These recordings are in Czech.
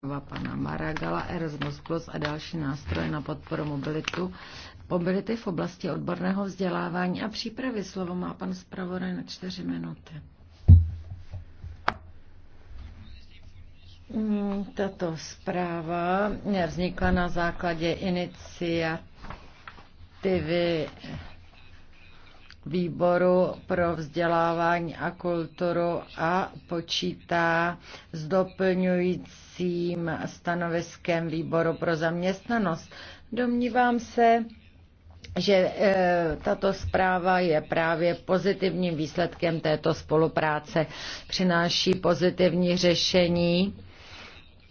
pana Maragala, Erasmus Plus a další nástroje na podporu mobilitu, mobility v oblasti odborného vzdělávání a přípravy. Slovo má pan zpravodaj na čtyři minuty. Hmm, tato zpráva vznikla na základě iniciativy výboru pro vzdělávání a kulturu a počítá s doplňujícím stanoviskem výboru pro zaměstnanost. Domnívám se, že e, tato zpráva je právě pozitivním výsledkem této spolupráce. Přináší pozitivní řešení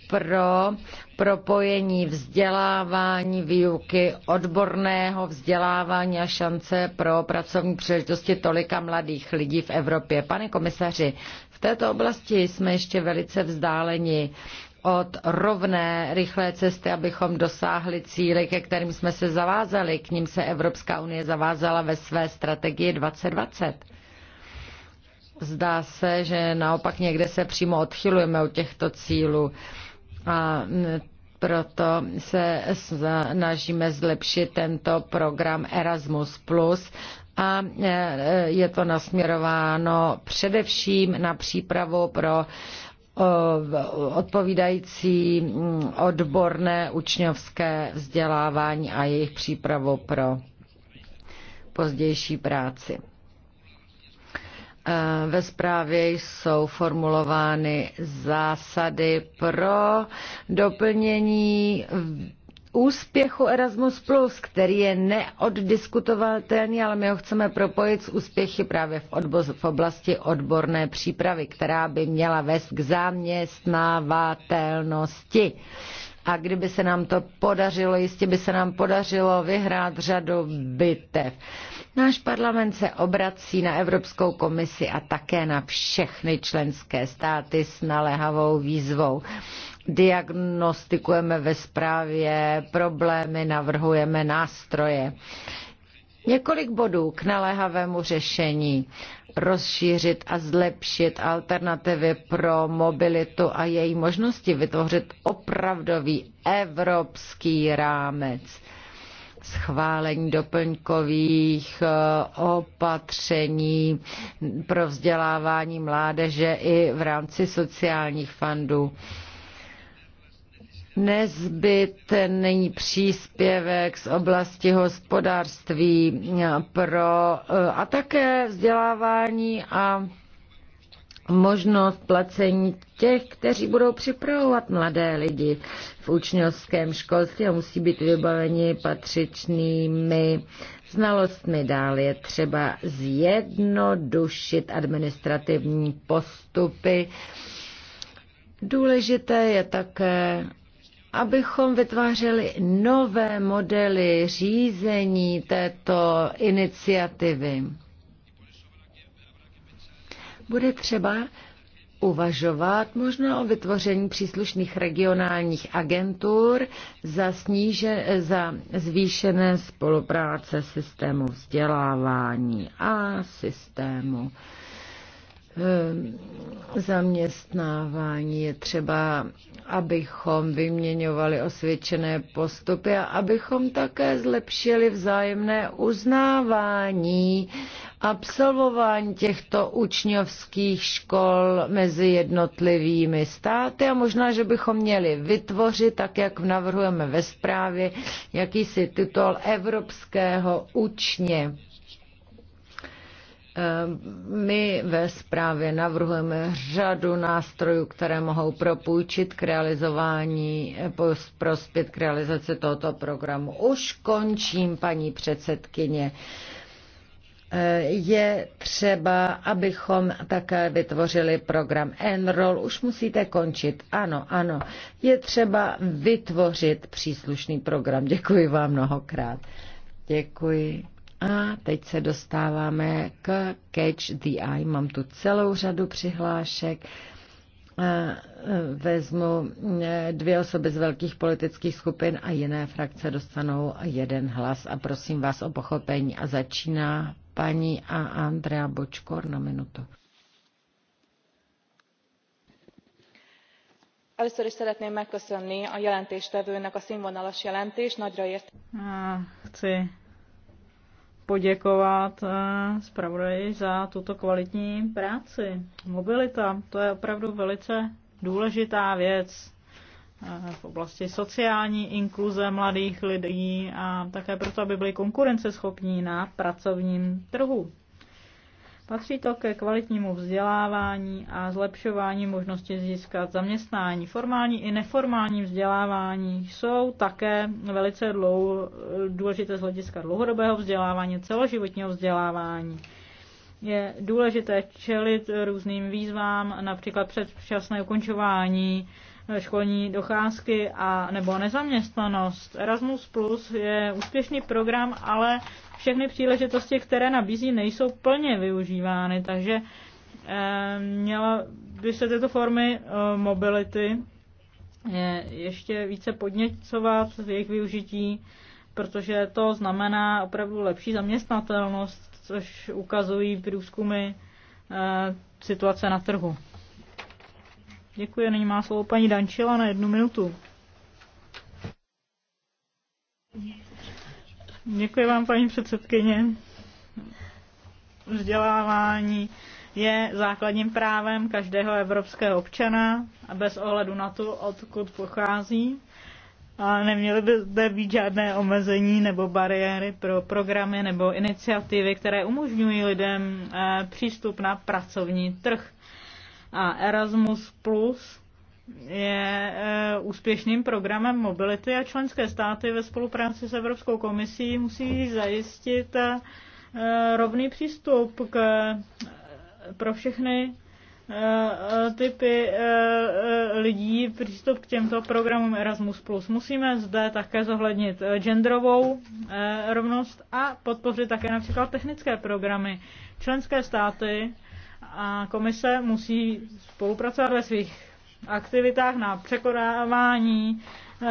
pro propojení vzdělávání, výuky, odborného vzdělávání a šance pro pracovní příležitosti tolika mladých lidí v Evropě. Pane komisaři, v této oblasti jsme ještě velice vzdáleni od rovné rychlé cesty, abychom dosáhli cíly, ke kterým jsme se zavázali. K ním se Evropská unie zavázala ve své strategii 2020. Zdá se, že naopak někde se přímo odchylujeme od těchto cílů. A proto se snažíme zlepšit tento program Erasmus+, a e, e, je to nasměrováno především na přípravu pro odpovídající odborné učňovské vzdělávání a jejich přípravu pro pozdější práci. Eh, ve zprávě jsou formulovány zásady pro doplnění úspěchu Erasmus+, Plus, který je neoddiskutovatelný, ale my ho chceme propojit s úspěchy právě v, odbo- v oblasti odborné přípravy, která by měla vést k zaměstnávatelnosti. Uh, a kdyby se nám to podařilo, jistě by se nám podařilo vyhrát řadu bitev. Náš parlament se obrací na Evropskou komisi a také na všechny členské státy s naléhavou výzvou diagnostikujeme ve zprávě problémy, navrhujeme nástroje. Několik bodů k naléhavému řešení rozšířit a zlepšit alternativy pro mobilitu a její možnosti vytvořit opravdový evropský rámec schválení doplňkových eh, opatření pro vzdělávání mládeže i v rámci sociálních fondů nezbytný příspěvek z oblasti hospodářství pro, eh, a také vzdělávání a možnost placení těch, kteří budou připravovat mladé lidi v učňovském školství a musí být vybaveni patřičnými znalostmi. Dále je třeba zjednodušit administrativní postupy. Důležité je také abychom vytvářeli nové modely řízení této iniciativy. Bude třeba uvažovat možná o vytvoření příslušných regionálních agentur za, sníže, za zvýšené spolupráce systému vzdělávání a systému Ehm, zaměstnávání. Je třeba, abychom vyměňovali osvědčené postupy a abychom také zlepšili vzájemné uznávání absolvování těchto učňovských škol mezi jednotlivými státy a možná, že bychom měli vytvořit, tak jak navrhujeme ve zprávě, jakýsi titul evropského učně Ehm, my ve zprávě navrhujeme řadu nástrojů, které mohou propůjčit k realizování, eh, prospět k realizaci tohoto programu. Už končím, paní předsedkyně eh, je třeba, abychom také vytvořili program Enroll. Už musíte končit. Ano, ano. Je třeba vytvořit příslušný program. Děkuji vám mnohokrát. Děkuji. A teď se dostáváme k Catch the Eye. Mám tu celou řadu přihlášek. E, vezmu e, dvě osoby z velkých politických skupin a jiné frakce dostanou jeden hlas. A prosím vás o pochopení. A začíná paní a Andrea Bočkor na minutu. Chci a a poděkovat eh, zpravodaji za tuto kvalitní práci. Mobilita, to je opravdu velice důležitá věc eh, v oblasti sociální inkluze mladých lidí a také proto, aby byli konkurenceschopní na pracovním trhu. Patří to ke kvalitnímu vzdělávání a zlepšování možnosti získat zaměstnání. Formální i neformální vzdělávání jsou také velice dlou, důležité z hlediska dlouhodobého vzdělávání, celoživotního vzdělávání. Je důležité čelit různým výzvám, například předčasné ukončování školní docházky a nebo nezaměstnanost. Erasmus Plus je úspěšný program, ale všechny příležitosti, které nabízí, nejsou plně využívány, takže eh, měla by se tyto formy eh, mobility eh, ještě více podněcovat v jejich využití, protože to znamená opravdu lepší zaměstnatelnost, což ukazují průzkumy situace na trhu. Děkuji, nyní má slovo paní Dančila na jednu minutu. Děkuji vám, paní předsedkyně. Vzdělávání je základním právem každého evropského občana a bez ohledu na to, odkud pochází. A neměly by zde být žádné omezení nebo bariéry pro programy nebo iniciativy, které umožňují lidem eh, přístup na pracovní trh. A Erasmus Plus je eh, úspěšným programem mobility a členské státy ve spolupráci s Evropskou komisí musí zajistit eh, rovný přístup k, eh, pro všechny typy lidí přístup k těmto programům Erasmus+. Musíme zde také zohlednit genderovou rovnost a podpořit také například technické programy. Členské státy a komise musí spolupracovat ve svých aktivitách na překonávání eh,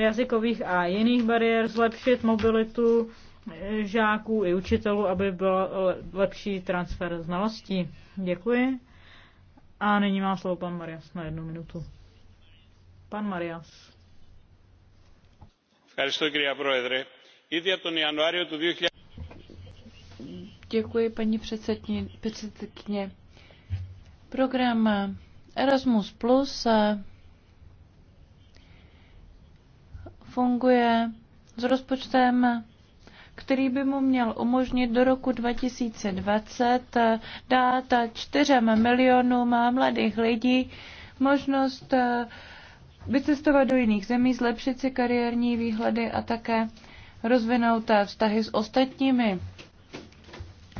jazykových a jiných bariér, zlepšit mobilitu eh, žáků i učitelů, aby byl lepší transfer znalostí. Děkuji. A nyní má slovo pan Marias na jednu minutu. Pan Marias. Děkuji, κυρία předsedající. Ήδη από τον 2000... Děkuji, paní předsedkyně. Program Erasmus Plus eh, funguje s rozpočtem, který by mu měl umožnit do roku 2020 eh, dát čtyřem milionům mladých lidí možnost eh, vycestovat do jiných zemí, zlepšit si kariérní výhledy a také rozvinout vztahy s ostatními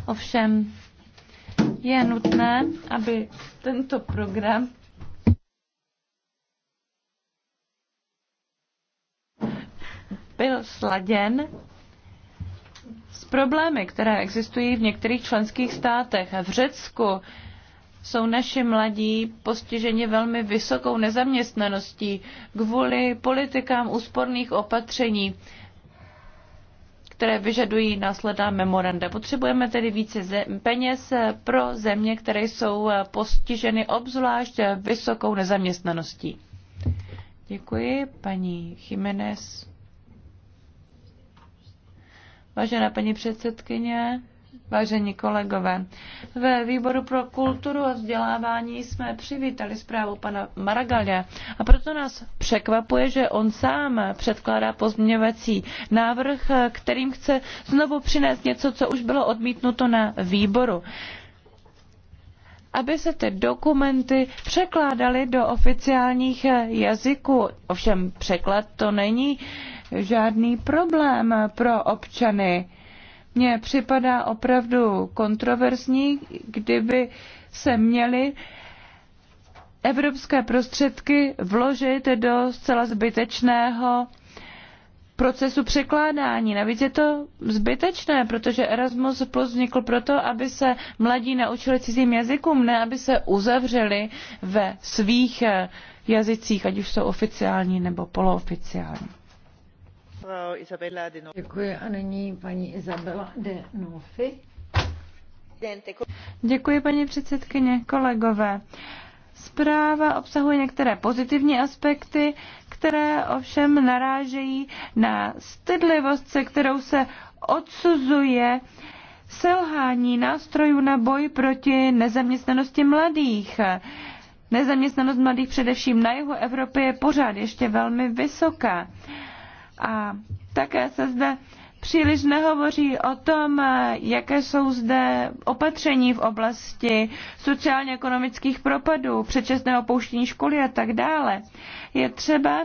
Ovšem je nutné, aby tento program byl sladěn s problémy, které existují v některých členských státech. V Řecku jsou naši mladí postiženi velmi vysokou nezaměstnaností kvůli politikám úsporných opatření které vyžadují následná memoranda. Potřebujeme tedy více peněz pro země, které jsou postiženy obzvlášť vysokou nezaměstnaností. Děkuji, paní Jiménez. Vážená paní předsedkyně, Vážení kolegové, ve výboru pro kulturu a vzdělávání jsme přivítali zprávu pana Maragalia a proto nás překvapuje, že on sám předkládá pozměňovací návrh, kterým chce znovu přinést něco, co už bylo odmítnuto na výboru aby se ty dokumenty překládaly do oficiálních jazyků. Ovšem překlad to není žádný problém pro občany mně připadá opravdu kontroverzní, kdyby se měly evropské prostředky vložit do zcela zbytečného procesu překládání. Navíc je to zbytečné, protože Erasmus Plus vznikl proto, aby se mladí naučili cizím jazykům, ne aby se uzavřeli ve svých eh, jazycích, ať už jsou oficiální nebo polooficiální paní předsedající de paní předsedkyně, kolegové. Zpráva obsahuje některé pozitivní aspekty, které ovšem narážejí na stydlivost, se kterou se odsuzuje selhání nástrojů na boj proti nezaměstnanosti mladých. Nezaměstnanost mladých především na jihu Evropy je pořád ještě velmi vysoká. A také se zde příliš nehovoří o tom, jaké jsou zde opatření v oblasti sociálně-ekonomických propadů, předčasného opuštění školy a tak dále. Je třeba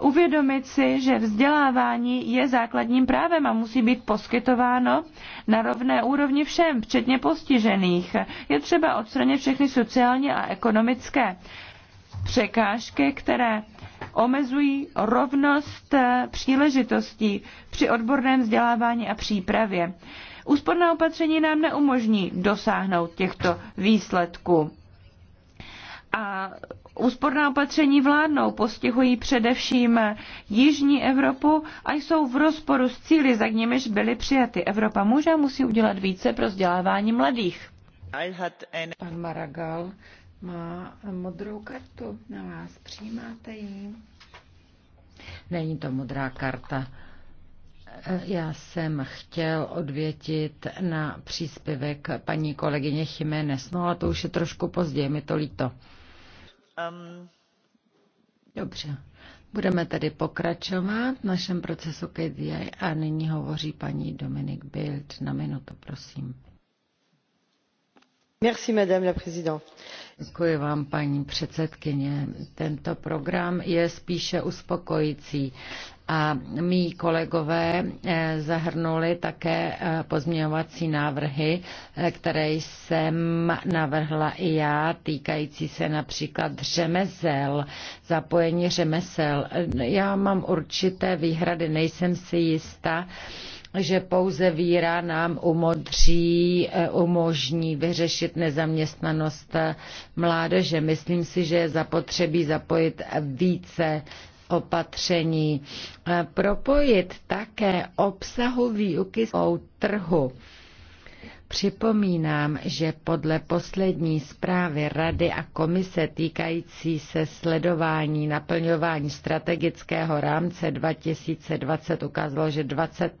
uvědomit si, že vzdělávání je základním právem a musí být poskytováno na rovné úrovni všem, včetně postižených. Je třeba odstranit všechny sociální a ekonomické překážky, které omezují rovnost eh, příležitostí při odborném vzdělávání a přípravě. Úsporná opatření nám neumožní dosáhnout těchto výsledků. A úsporná opatření vládnou, postihují především Jižní Evropu a jsou v rozporu s cíly, za nimiž byly přijaty. Evropa může a musí udělat více pro vzdělávání mladých. Pan Maragal má modrou kartu na vás. Přijímáte ji? Není to modrá karta. Já jsem chtěl odvětit na příspěvek paní kolegyně Jiménez, no ale to už je trošku pozdě, mi to líto. Um... Dobře. Budeme tedy pokračovat v našem procesu KDI a nyní hovoří paní Dominik Bild. Na minutu, prosím madame la présidente. Děkuji vám, paní předsedkyně. Tento program je spíše uspokojící a mý kolegové eh, zahrnuli také eh, pozměňovací návrhy, eh, které jsem navrhla i já, týkající se například řemesel, zapojení řemesel. Já mám určité výhrady, nejsem si jistá, že pouze víra nám umodří, eh, umožní vyřešit nezaměstnanost eh, mládeže. Myslím si, že je zapotřebí zapojit více opatření. Eh, propojit také obsahu výuky s trhu Připomínám, že podle poslední zprávy Rady a komise týkající se sledování naplňování strategického rámce 2020 ukázalo, že 20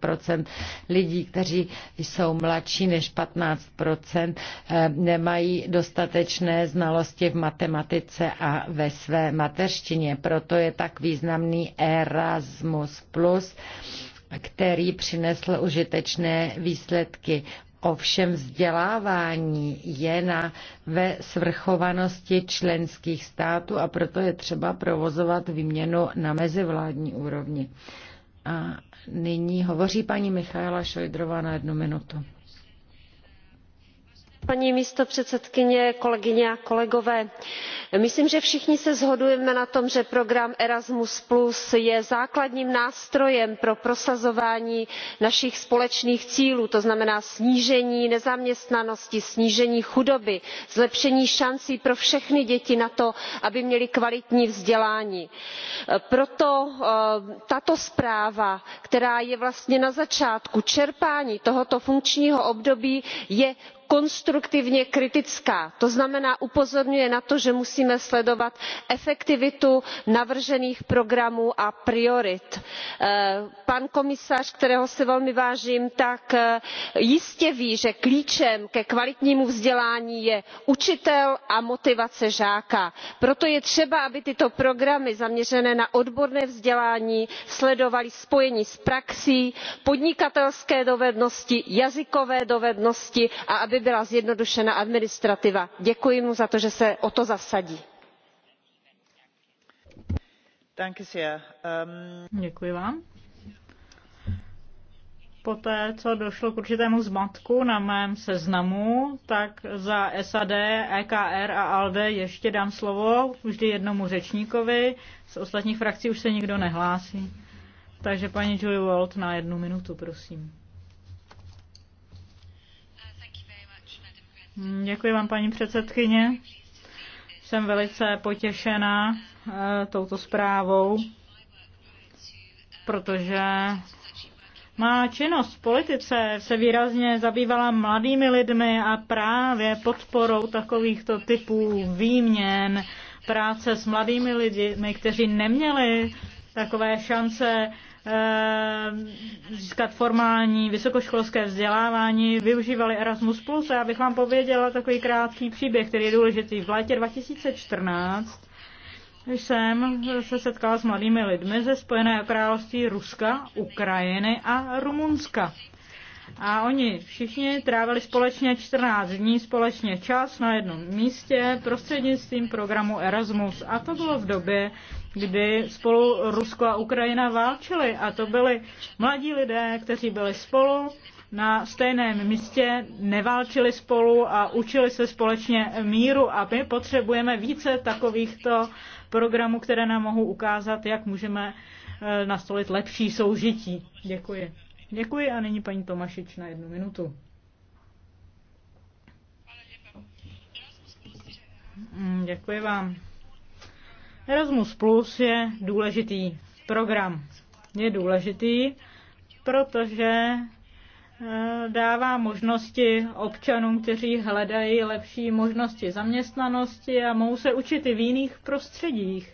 lidí, kteří jsou mladší než 15 eh, nemají dostatečné znalosti v matematice a ve své mateřštině. Proto je tak významný Erasmus který přinesl užitečné výsledky. Ovšem vzdělávání je na, ve svrchovanosti členských států a proto je třeba provozovat výměnu na mezivládní úrovni. A nyní hovoří paní Michaela Šojdrová na jednu minutu paní předsedající myslím že všichni se shodujeme na tom že program erasmus je základním nástrojem pro prosazování našich společných cílů to znamená snížení nezaměstnanosti snížení chudoby zlepšení šancí pro všechny děti na to aby měly kvalitní vzdělání. proto eh, tato zpráva která je vlastně na začátku čerpání tohoto funkčního období je konstruktivně kritická to znamená upozorňuje na to že musíme sledovat efektivitu navržených programů a priorit. Eh, pan komisař kterého si velmi vážím eh, jistě ví že klíčem ke kvalitnímu vzdělání je učitel a motivace žáka proto je třeba aby tyto programy zaměřené na odborné vzdělání sledovaly spojení s praxí podnikatelské dovednosti jazykové dovednosti a aby byla zjednodušena administrativa. děkuji mu za to že se o to zasadí. Ähm, děkuji vám. Poté, co došlo k určitému zmatku na mém seznamu, tak za SAD, EKR a ALDE ještě dám slovo vždy jednomu řečníkovi. Z ostatních frakcí už se nikdo nehlásí. Takže paní Julie Walt na jednu minutu, prosím. Hm, děkuji vám, paní předsedkyně. Jsem velice potěšená eh, touto zprávou, protože má činnost v politice se výrazně zabývala mladými lidmi a právě podporou takovýchto typů výměn, práce s mladými lidmi, kteří neměli takové šance Eh, získat formální vysokoškolské vzdělávání, využívali Erasmus+. A já bych vám pověděla takový krátký příběh, který je důležitý. V létě 2014 jsem se setkala s mladými lidmi ze Spojené království Ruska, Ukrajiny a Rumunska. A oni všichni trávili společně 14 dní, společně čas na jednom místě prostřednictvím programu Erasmus. A to bylo v době, kdy spolu Rusko a Ukrajina válčili. A to byli mladí lidé, kteří byli spolu na stejném místě, neválčili spolu a učili se společně míru. A my potřebujeme více takovýchto programů, které nám mohou ukázat, jak můžeme eh, nastolit lepší soužití. Děkuji. Děkuji a nyní paní Tomašič na jednu minutu. Mm, děkuji vám. Erasmus Plus je důležitý program. Je důležitý, protože eh, dává možnosti občanům, kteří hledají lepší možnosti zaměstnanosti a mohou se učit i v jiných prostředích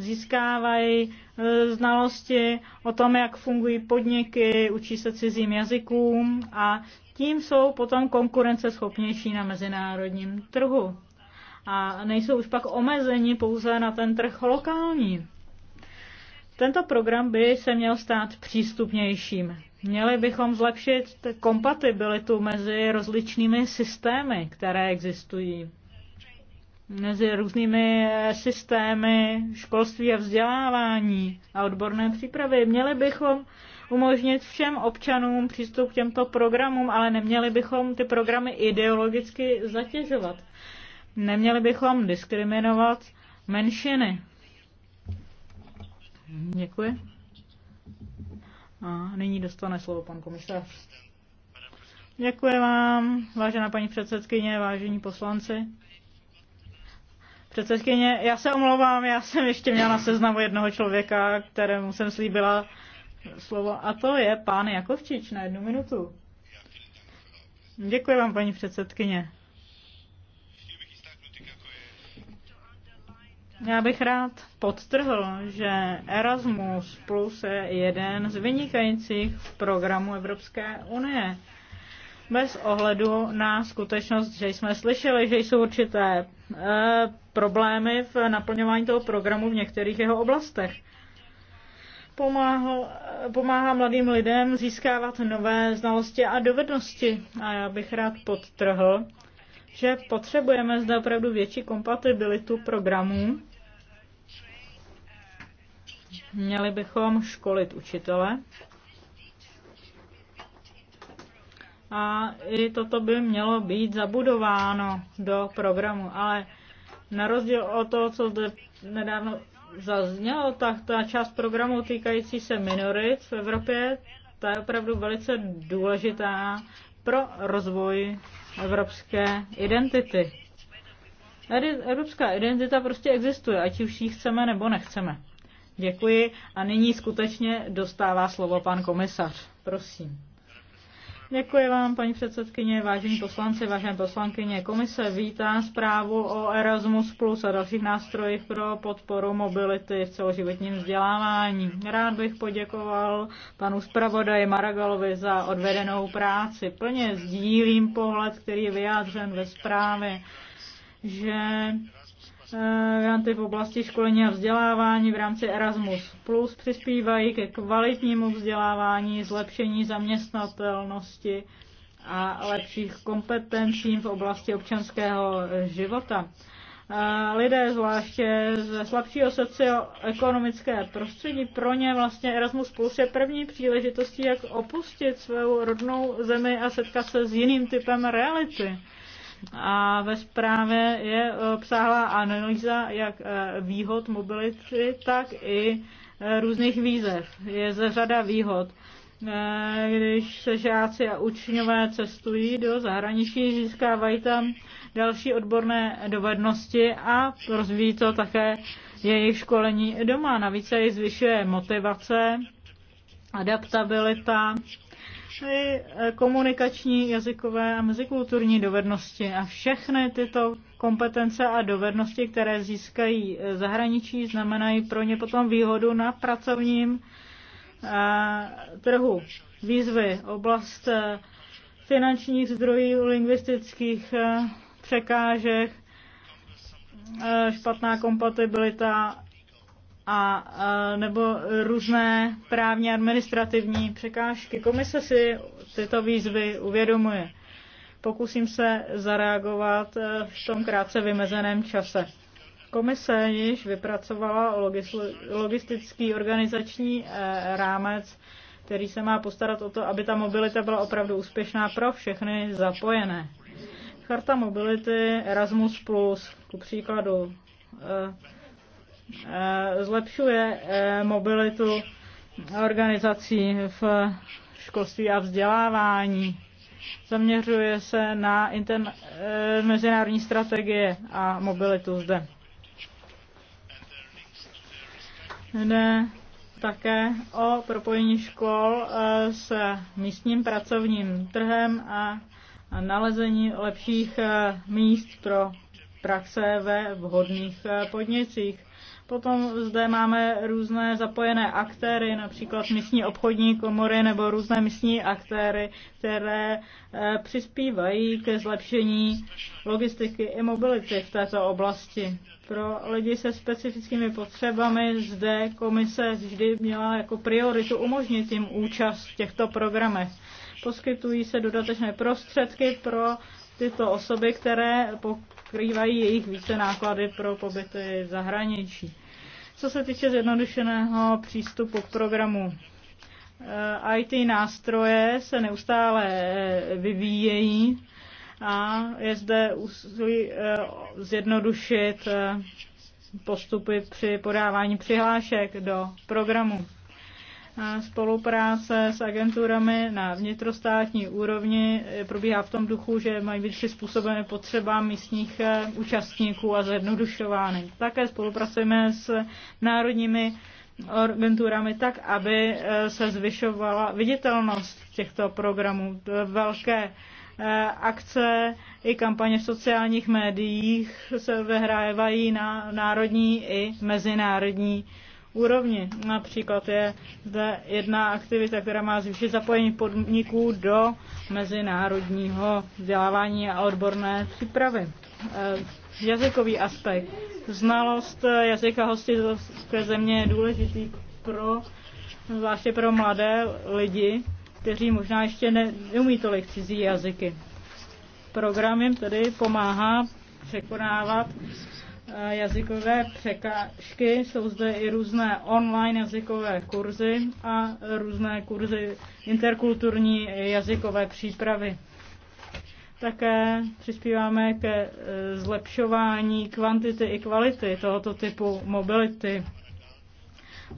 získávají e, znalosti o tom, jak fungují podniky, učí se cizím jazykům a tím jsou potom konkurenceschopnější na mezinárodním trhu. A nejsou už pak omezeni pouze na ten trh lokální. Tento program by se měl stát přístupnějším. Měli bychom zlepšit kompatibilitu mezi rozličnými systémy, které existují mezi různými eh, systémy školství a vzdělávání a odborné přípravy. Měli bychom umožnit všem občanům přístup k těmto programům, ale neměli bychom ty programy ideologicky zatěžovat. Neměli bychom diskriminovat menšiny. Děkuji. A nyní dostane slovo pan komisař. Děkuji vám, vážená paní předsedkyně, vážení poslanci. Předsedkyně, já se omlouvám, já jsem ještě měla na seznamu jednoho člověka, kterému jsem slíbila slovo, a to je pán Jakovčič na jednu minutu. Děkuji vám, paní předsedkyně. Já bych rád podtrhl, že Erasmus Plus je jeden z vynikajících programů Evropské unie bez ohledu na skutečnost, že jsme slyšeli, že jsou určité eh, problémy v naplňování toho programu v některých jeho oblastech. Pomáhl, eh, pomáhá mladým lidem získávat nové znalosti a dovednosti. A já bych rád podtrhl, že potřebujeme zde opravdu větší kompatibilitu programů. Měli bychom školit učitele, a i toto by mělo být zabudováno do programu. Ale na rozdíl od toho, co zde nedávno zaznělo, tak ta část programu týkající se minorit v Evropě, ta je opravdu velice důležitá pro rozvoj evropské identity. Evropská identita prostě existuje, ať už ji chceme nebo nechceme. Děkuji a nyní skutečně dostává slovo pan komisař. Prosím. Děkuji vám, paní předsedkyně, vážení poslanci, vážené poslankyně. Komise vítá zprávu o Erasmus Plus a dalších nástrojích pro podporu mobility v celoživotním vzdělávání. Rád bych poděkoval panu zpravodaji Maragalovi za odvedenou práci. Plně sdílím pohled, který je vyjádřen ve zprávě, že v eh, v oblasti školení a vzdělávání v rámci Erasmus Plus přispívají ke kvalitnímu vzdělávání, zlepšení zaměstnatelnosti a lepších kompetencí v oblasti občanského života. Eh, lidé zvláště ze slabšího socioekonomické prostředí, pro ně vlastně Erasmus Plus je první příležitostí, jak opustit svou rodnou zemi a setkat se s jiným typem reality a ve zprávě je obsáhlá e, analýza jak e, výhod mobility, tak i e, různých výzev. Je ze řada výhod. Když se žáci a učňové cestují do zahraničí, získávají tam další odborné dovednosti a rozvíjí to také jejich školení doma. Navíc se jich zvyšuje motivace, adaptabilita, šly eh, komunikační, jazykové a mezikulturní dovednosti a všechny tyto kompetence a dovednosti, které získají eh, zahraničí, znamenají pro ně potom výhodu na pracovním eh, trhu. Výzvy, oblast finančních zdrojů, lingvistických překážek, špatná kompatibilita a nebo různé právně administrativní překážky. Komise si tyto výzvy uvědomuje. Pokusím se zareagovat e, v tom krátce vymezeném čase. Komise již vypracovala logistický organizační e, rámec, který se má postarat o to, aby ta mobilita byla opravdu úspěšná pro všechny zapojené. Charta mobility Erasmus+, ku příkladu e, Eh, zlepšuje eh, mobilitu organizací v školství a vzdělávání. Zaměřuje se na intern, eh, mezinárodní strategie a mobilitu zde. Jde také o propojení škol s místním pracovním trhem a nalezení lepších míst pro praxe ve vhodných podnicích. Potom zde máme různé zapojené aktéry, například místní obchodní komory nebo různé místní aktéry, které eh, přispívají ke zlepšení logistiky i mobility v této oblasti. Pro lidi se specifickými potřebami zde komise vždy měla jako prioritu umožnit jim účast v těchto programech. Poskytují se dodatečné prostředky pro tyto osoby, které pokrývají jejich více náklady pro pobyty v zahraničí. Co se týče zjednodušeného přístupu k programu, eh, IT nástroje se neustále eh, vyvíjejí a je zde úsilí eh, zjednodušit postupy při podávání přihlášek do programu. Spolupráce s agenturami na vnitrostátní úrovni probíhá v tom duchu, že mají být přizpůsobeny potřebám místních eh, účastníků a zjednodušovány. Také spolupracujeme s národními agenturami tak, aby eh, se zvyšovala viditelnost těchto programů. Velké eh, akce i kampaně v sociálních médiích se vyhrávají na národní i mezinárodní úrovni. Například je zde jedna aktivita, která má zvýšit zapojení podniků do mezinárodního vzdělávání a odborné přípravy. Eh, jazykový aspekt. Znalost eh, jazyka hostitelské země je důležitý pro, zvláště pro mladé lidi, kteří možná ještě neumí tolik cizí jazyky. Program jim tedy pomáhá překonávat jazykové překážky, jsou zde i různé online jazykové kurzy a různé kurzy interkulturní jazykové přípravy. Také přispíváme ke e, zlepšování kvantity i kvality tohoto typu mobility.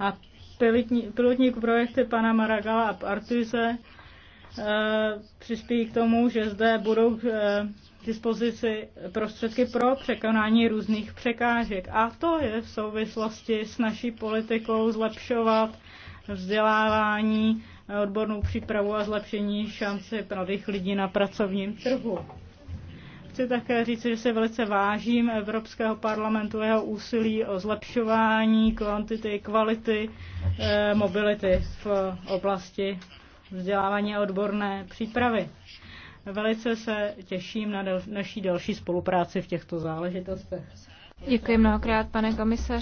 A pilotní, pilotní projekty pana Maragala a Artuse e, přispějí k tomu, že zde budou e, dispozici prostředky pro překonání různých překážek. A to je v souvislosti s naší politikou zlepšovat vzdělávání, odbornou přípravu a zlepšení šance pravých lidí na pracovním trhu. Chci také říct, že se velice vážím Evropského parlamentu jeho úsilí o zlepšování kvantity, kvality, eh, mobility v oblasti vzdělávání a odborné přípravy. Velice se těším na naší další spolupráci v těchto záležitostech. Děkuji mnohokrát, pane komisaři.